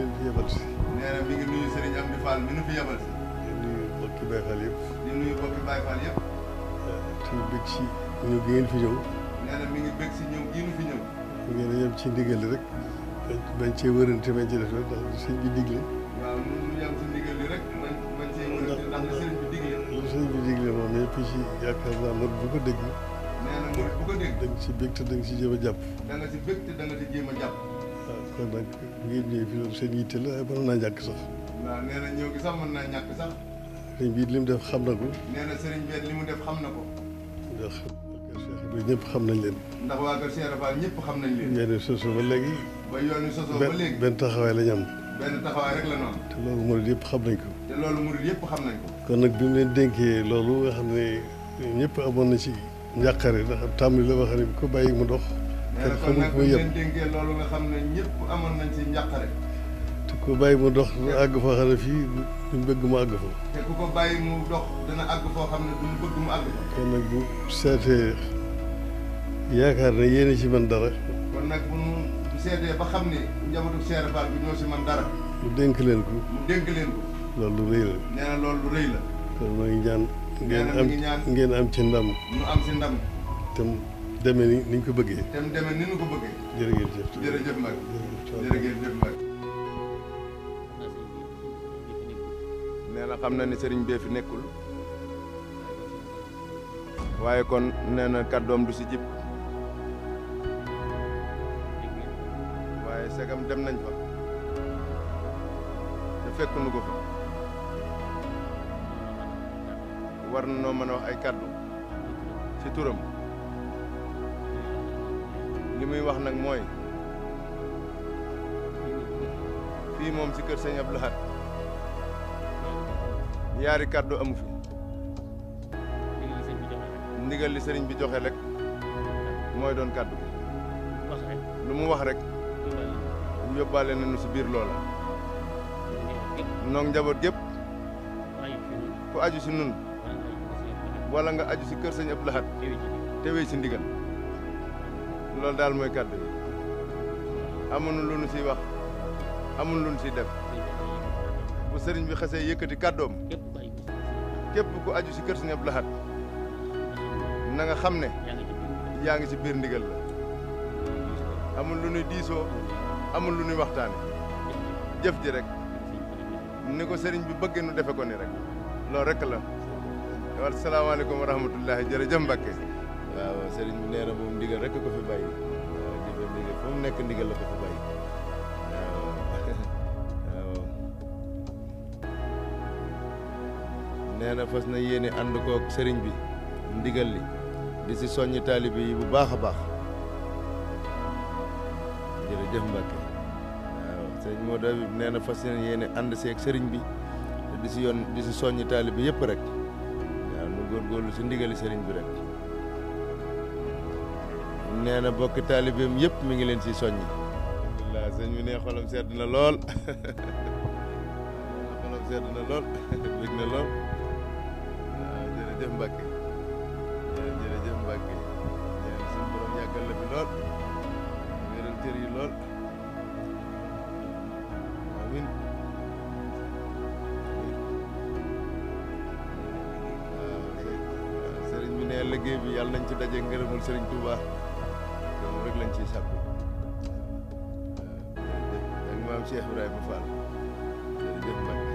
leen fi yebal si. nee na mi ngi nuyu Serigne Amdi Fall mi nu fi yebal si. di nuyu bokki Baye Fall yëpp. di nuyu bokki Baye Fall yëpp. te eh, bëgg si ñëw gi ngeen fi ñëw. nee na mi ngi bëgg si ñëw gi nu fi ñëw. ngeen a yem ci ndigal rek bañ cee wërante bañ ci def rek ndax sëñ bi digle. waaw ñun ñu yem si ndigal li rek bañ bañ cee wërante ndax li sëñ bi digle. li sëñ bi digle moom yëpp ci yaakaar naa mot bu ko dégg. nee na mot bu ko dégg. da nga si bëgg te da nga si jéem a jàpp. da nga si bëgg te da nga si jéem a jàpp. kon nag ngeen ñëw fi loolu seen yitte la mën naa ñàkk sax. def xam na ko. nee na sëriñ xam nañ leen. ndax waa kër ba léegi. benn taxawaay la am. benn te loolu murid yëpp xam nañ ko. te xam nañ ko. kon nag bi mu leen dénkee loolu nga xam ne ñëpp amoon na ci njàqare ndax tàmbali la boo xam ne ko bàyyi mu dox kenn xamul fu yem dénkee loolu nga xam ne ñëpp amoon nañ ci njàqare te ku bàyyi mu dox dana fii duñ bëgg mu ko bàyyi mu dox dana àgg xam ne duñ nag bu seetee yaakaar ne yéen ci man dara kon nag bu ñu seetee ba xam ne njabootu Seere Faal bi ñoo si man dara mu dénk leen ko leen loolu lu rëy la nee na loolu rëy la kon maa ñaan ngeen am ngeen am ci ndam mu si ndam demee ni ni ñu ko bëggee. te mu demee ni ñu ko bëggee. na xam na ni sëriñ bee fi nekkul. waaye kon nee na kàddoom du si jib. waaye segam dem nañ fa. te fekk nu ko war na noo mën a wax ay kàddu ci turam. li muy wax nag mooy fii moom si kër sëñ Abdou Lahad ñaari kàddu amu ndigal li sëriñ bi joxe rek mooy doon kàddu lu mu wax rek yóbbaale nañu si biir loola noog njaboot gépp ku aju si nun wala nga aju si kër sëñ Abdou Lahad tewee si loolu daal mooy kàddu yi amuñu lu ñu siy wax amuñu lu ñu siy def bu sëriñ bi xasee yëkkati kàddoom képp ku aju si kër Sëriñ Abdou Lahad na nga xam ne yaa ngi si biir ndigal la amul lu ñuy diisoo amul lu ñuy waxtaane jëf ji rek ni ko sëriñ bi bëggee nu defe ko ni rek loolu rek la wa salaamaaleykum wa rahmatullahi jërëjëf Mbacke waaw sëriñ bi nee na moom ndigal rekk ko fi bàyyi waaw jëfe ndigal fu mu nekk ndigal la ko fi bàyyi waaw waaw nee na fas na yéene ànd sëriñ bi ndigal li di si soññi taalibe bu baax a baax jërëjëf Mbacke waaw sëriñ Modou na fas na yéene ànd seeg sëriñ bi di si yoon di si soññi taalibe yëpp rek waaw nu góorgóorlu si ndigali sëriñ bi rek nee na bokk taalibeem yépp mu ngi leen ci soññi. alhamdulilah sëñ bi ne xolam sedd na lool xolam na lool bëgg na lool waaw ah, jërëjëf Mbacke jërëjëf yi lool amiin ah, sëriñ bi ne liggéey bi yàlla nañ ci daje ngërëmul sëriñ Touba. lañ ciy sàkku ak maam Cheikh Ibrahima Fall jërëjëf Mbacke